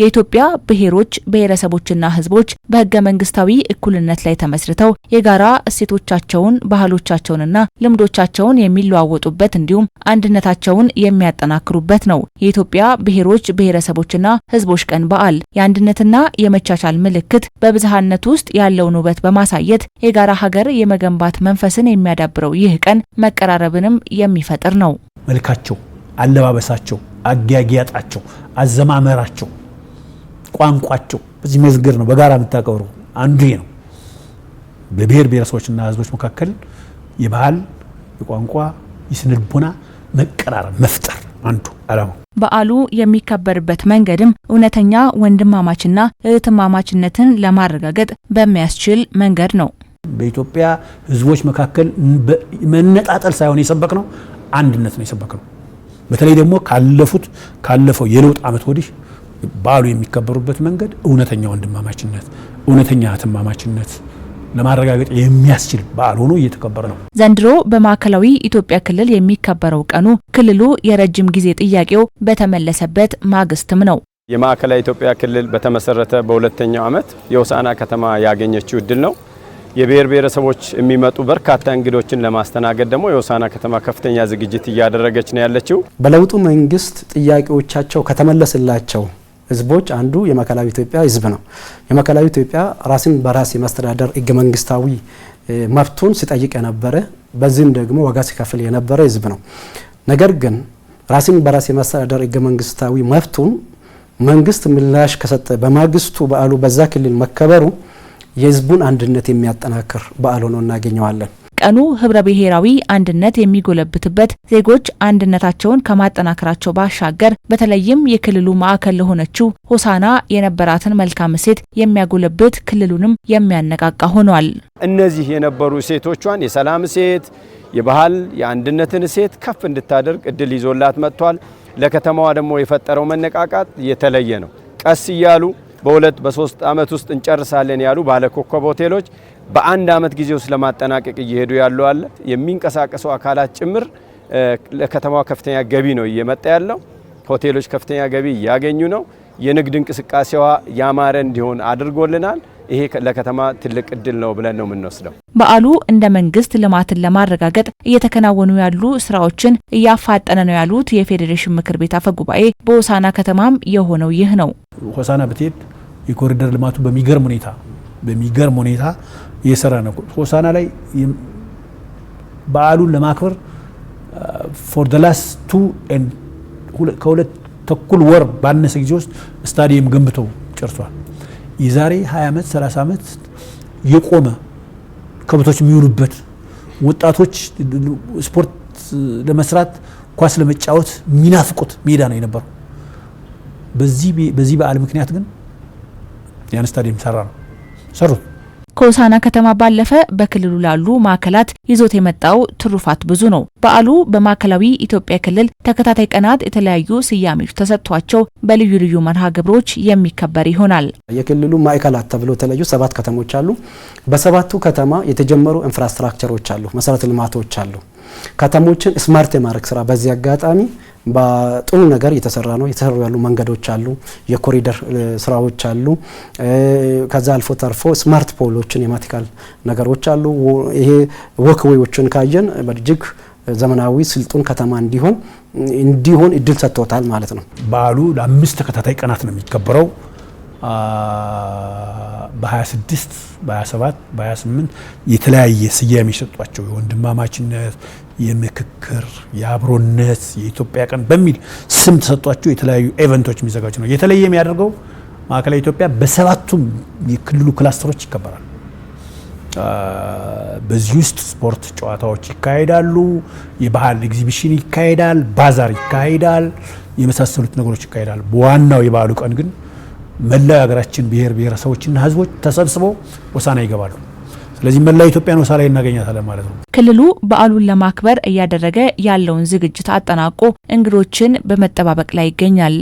የኢትዮጵያ ብሔሮች ብሔረሰቦችና ህዝቦች በህገ መንግስታዊ እኩልነት ላይ ተመስርተው የጋራ እሴቶቻቸውን፣ ባህሎቻቸውንና ልምዶቻቸውን የሚለዋወጡበት እንዲሁም አንድነታቸውን የሚያጠናክሩበት ነው። የኢትዮጵያ ብሔሮች ብሔረሰቦችና ህዝቦች ቀን በዓል የአንድነትና የመቻቻል ምልክት፣ በብዝሃነት ውስጥ ያለውን ውበት በማሳየት የጋራ ሀገር የመገንባት መንፈስን የሚያዳብረው ይህ ቀን መቀራረብንም የሚፈጥር ነው። መልካቸው፣ አለባበሳቸው፣ አጊያጊያጣቸው፣ አዘማመራቸው ቋንቋቸው በዚህ መዝገር ነው በጋራ የምታከብሩ አንዱ ነው። በብሔር ብሔረሰቦችና ሕዝቦች መካከል የባህል የቋንቋ የስነልቦና መቀራረብ መፍጠር አንዱ አላማው። በዓሉ የሚከበርበት መንገድም እውነተኛ ወንድማማችና እህትማማችነትን ለማረጋገጥ በሚያስችል መንገድ ነው። በኢትዮጵያ ህዝቦች መካከል መነጣጠል ሳይሆን የሰበክ ነው አንድነት ነው የሰበክ ነው። በተለይ ደግሞ ካለፉት ካለፈው የለውጥ ዓመት ወዲህ በዓሉ የሚከበሩበት መንገድ እውነተኛ ወንድማማችነት፣ እውነተኛ እህትማማችነት ለማረጋገጥ የሚያስችል በዓል ሆኖ እየተከበረ ነው። ዘንድሮ በማዕከላዊ ኢትዮጵያ ክልል የሚከበረው ቀኑ ክልሉ የረጅም ጊዜ ጥያቄው በተመለሰበት ማግስትም ነው። የማዕከላዊ ኢትዮጵያ ክልል በተመሰረተ በሁለተኛው ዓመት የሆሳዕና ከተማ ያገኘችው እድል ነው። የብሔር ብሔረሰቦች የሚመጡ በርካታ እንግዶችን ለማስተናገድ ደግሞ የሆሳዕና ከተማ ከፍተኛ ዝግጅት እያደረገች ነው ያለችው። በለውጡ መንግስት ጥያቄዎቻቸው ከተመለስላቸው ህዝቦች አንዱ የማዕከላዊ ኢትዮጵያ ህዝብ ነው። የማዕከላዊ ኢትዮጵያ ራስን በራስ የማስተዳደር ህገ መንግስታዊ መብቱን ሲጠይቅ የነበረ በዚህም ደግሞ ዋጋ ሲከፍል የነበረ ህዝብ ነው። ነገር ግን ራስን በራስ የማስተዳደር ህገ መንግስታዊ መብቱን መንግስት ምላሽ ከሰጠ በማግስቱ በዓሉ በዛ ክልል መከበሩ የህዝቡን አንድነት የሚያጠናክር በዓል ሆኖ እናገኘዋለን። ቀኑ ህብረ ብሔራዊ አንድነት የሚጎለብትበት ዜጎች አንድነታቸውን ከማጠናከራቸው ባሻገር በተለይም የክልሉ ማዕከል ለሆነችው ሆሳና የነበራትን መልካም እሴት የሚያጎለብት ክልሉንም የሚያነቃቃ ሆኗል። እነዚህ የነበሩ እሴቶቿን የሰላም እሴት፣ የባህል የአንድነትን እሴት ከፍ እንድታደርግ እድል ይዞላት መጥቷል። ለከተማዋ ደግሞ የፈጠረው መነቃቃት የተለየ ነው። ቀስ እያሉ በሁለት በሶስት ዓመት ውስጥ እንጨርሳለን ያሉ ባለኮከብ ሆቴሎች በአንድ ዓመት ጊዜ ውስጥ ለማጠናቀቅ እየሄዱ ያሉ አለ። የሚንቀሳቀሱ አካላት ጭምር ለከተማዋ ከፍተኛ ገቢ ነው እየመጣ ያለው። ሆቴሎች ከፍተኛ ገቢ እያገኙ ነው። የንግድ እንቅስቃሴዋ ያማረ እንዲሆን አድርጎልናል። ይሄ ለከተማ ትልቅ እድል ነው ብለን ነው የምንወስደው። በዓሉ እንደ መንግስት ልማትን ለማረጋገጥ እየተከናወኑ ያሉ ስራዎችን እያፋጠነ ነው ያሉት የፌዴሬሽን ምክር ቤት አፈ ጉባኤ፣ በሆሳና ከተማም የሆነው ይህ ነው። ሆሳና ብትሄድ የኮሪደር ልማቱ በሚገርም ሁኔታ በሚገርም ሁኔታ እየሰራ ነው። ሆሳና ላይ በዓሉን ለማክበር ፎር ደ ላስት ቱ ከሁለት ተኩል ወር ባነሰ ጊዜ ውስጥ ስታዲየም ገንብቶ ጨርሷል። የዛሬ 20 ዓመት 30 ዓመት የቆመ ከብቶች የሚውሉበት ወጣቶች ስፖርት ለመስራት ኳስ ለመጫወት የሚናፍቁት ሜዳ ነው የነበረው። በዚህ በዓል ምክንያት ግን ያን ስታዲየም ሰራ ነው ሰሩት። ከሆሳና ከተማ ባለፈ በክልሉ ላሉ ማዕከላት ይዞት የመጣው ትሩፋት ብዙ ነው። በዓሉ በማዕከላዊ ኢትዮጵያ ክልል ተከታታይ ቀናት የተለያዩ ስያሜዎች ተሰጥቷቸው በልዩ ልዩ መርሃ ግብሮች የሚከበር ይሆናል። የክልሉ ማዕከላት ተብሎ የተለዩ ሰባት ከተሞች አሉ። በሰባቱ ከተማ የተጀመሩ ኢንፍራስትራክቸሮች አሉ፣ መሰረተ ልማቶች አሉ። ከተሞችን ስማርት የማድረግ ስራ በዚህ አጋጣሚ በጥሩ ነገር እየተሰራ ነው። የተሰሩ ያሉ መንገዶች አሉ፣ የኮሪደር ስራዎች አሉ። ከዛ አልፎ ተርፎ ስማርት ፖሎችን የማቲካል ነገሮች አሉ። ይሄ ወክዌዎችን ካየን በእጅግ ዘመናዊ ስልጡን ከተማ እንዲሆን እንዲሆን እድል ሰጥቶታል ማለት ነው። በዓሉ ለአምስት ተከታታይ ቀናት ነው የሚከበረው። በ26 በ27 በ28 የተለያየ ስያሜ የሰጧቸው የወንድማማችነት፣ የምክክር፣ የአብሮነት፣ የኢትዮጵያ ቀን በሚል ስም ተሰጧቸው የተለያዩ ኤቨንቶች የሚዘጋጁ ነው። የተለየ የሚያደርገው ማዕከላዊ ኢትዮጵያ በሰባቱም የክልሉ ክላስተሮች ይከበራል። በዚህ ውስጥ ስፖርት ጨዋታዎች ይካሄዳሉ፣ የባህል ኤግዚቢሽን ይካሄዳል፣ ባዛር ይካሄዳል፣ የመሳሰሉት ነገሮች ይካሄዳሉ በዋናው የበዓሉ ቀን ግን መላው የሀገራችን ብሔር ብሔረሰቦችና ህዝቦች ተሰብስበው ወሳና ይገባሉ። ስለዚህ መላ ኢትዮጵያን ሆሳዕና ላይ እናገኛታለን ማለት ነው። ክልሉ በዓሉን ለማክበር እያደረገ ያለውን ዝግጅት አጠናቆ እንግዶችን በመጠባበቅ ላይ ይገኛል።